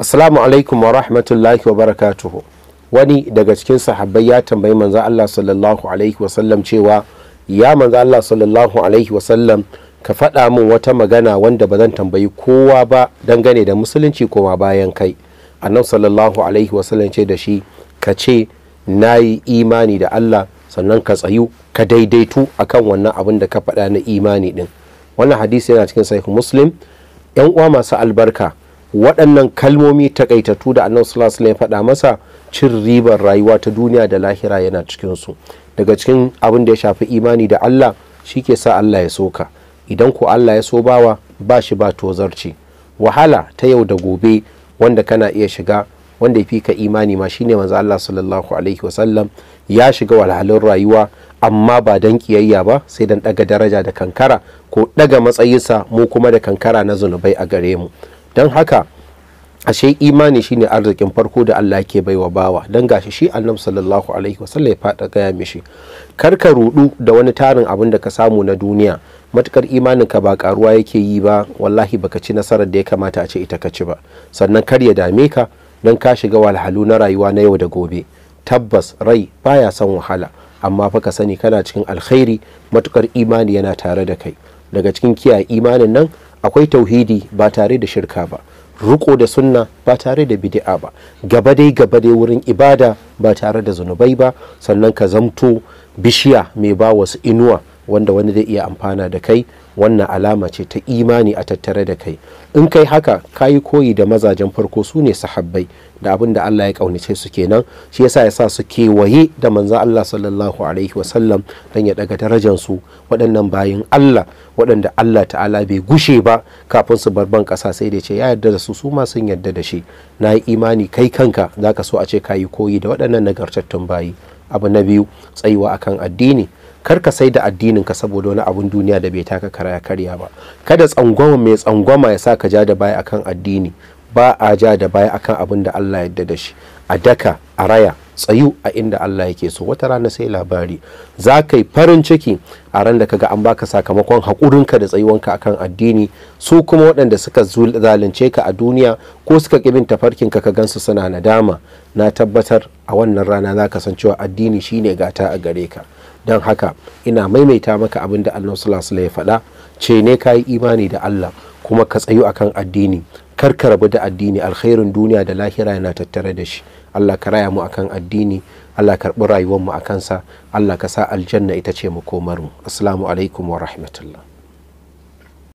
assalamu alaikum wa rahmatullahi wa barakatuhu wani daga cikin sahabbai ya tambayi manzo Allah sallallahu alaihi wasallam cewa ya manzo Allah sallallahu alaihi wasallam ka faɗa min wata magana wanda ba zan tambayi kowa ba dangane da musulunci koma bayan kai annabi sallallahu alaihi wasallam ce da shi ka ce nayi imani da Allah sannan ka tsayu ka daidaitu akan wannan abin da ka faɗa na imani din wannan hadisi yana cikin sahih muslim yan uwa masu albarka waɗannan kalmomi takaitattu da annabi sallallahu alaihi faɗa masa cin ribar rayuwa ta duniya da lahira yana cikin su daga cikin abin da ya shafi imani da Allah shi ke sa Allah ya soka idan ko Allah ya so bawa ba shi ba tozarci wahala ta yau da gobe wanda kana iya shiga wanda ya fi ka imani ma shine manzo Allah sallallahu alaihi wasallam ya shiga walhalin rayuwa amma ba dan kiyayya ba sai dan daga daraja da kankara ko daga matsayinsa mu kuma da kankara na zunubai a gare mu don haka ashe imani shine arzikin farko da Allah ke baiwa bawa don gashi shi annabi sallallahu alaihi wasallam ya fada gaya mishi kar ka rudu da wani tarin abin da ka samu na duniya matukar imanin ka ba karuwa yake yi ba wallahi baka ci nasarar da ya kamata a ce ita ka ci ba sannan kar ya dame ka don ka shiga walhalu na rayuwa na yau da gobe tabbas rai baya son wahala amma fa ka sani kana cikin alkhairi matukar imani yana tare da kai daga cikin kiyaye imanin nan akwai tauhidi ba tare da shirka ba ruko da sunna ba tare da bidi'a ba gaba dai gaba dai wurin ibada ba tare da zunubai ba sannan ka zamto bishiya mai ba wasu inuwa wanda wani zai iya amfana da kai wannan alama ce ta imani a tattare da kai in kai haka ka yi koyi da mazajen farko su ne sahabbai da abin da Allah ya kaunace su kenan shi yasa yasa su kewaye da manzo Allah sallallahu alaihi wasallam dan ya daga darajar su waɗannan bayin Allah waɗanda Allah ta'ala bai gushe ba kafin su bar ban ƙasa sai da ce ya yarda da su su ma sun yarda da shi na yi imani kai kanka zaka so a ce ka yi koyi da waɗannan nagartattun bayi abu na biyu tsayuwa akan addini kar ka sai da addinin ka saboda wani abun duniya da bai taka karaya karya ba kada tsangwama mai tsangwama ya sa ka ja da baya akan addini ba a ja da baya akan abin da Allah yadda da shi a daka a raya tsayu a inda Allah yake so wata rana sai labari za ka yi farin ciki a ran da kaga an baka sakamakon haƙurinka da tsayuwanka akan addini su kuma waɗanda suka zalunce ka a duniya ko suka ƙibin tafarkinka ka gansu suna nadama na tabbatar a wannan rana za ka san cewa addini shine gata a gare ka don haka ina maimaita maka abin da annabi sallallahu ya faɗa ce ne ka yi imani da Allah kuma ka tsayu akan addini kar ka rabu da addini alkhairin duniya da lahira yana tattare da shi Allah ka raya mu akan addini Allah karɓi rayuwar mu akan sa Allah ka sa aljanna ita ce mu komar mu assalamu alaikum wa rahmatullah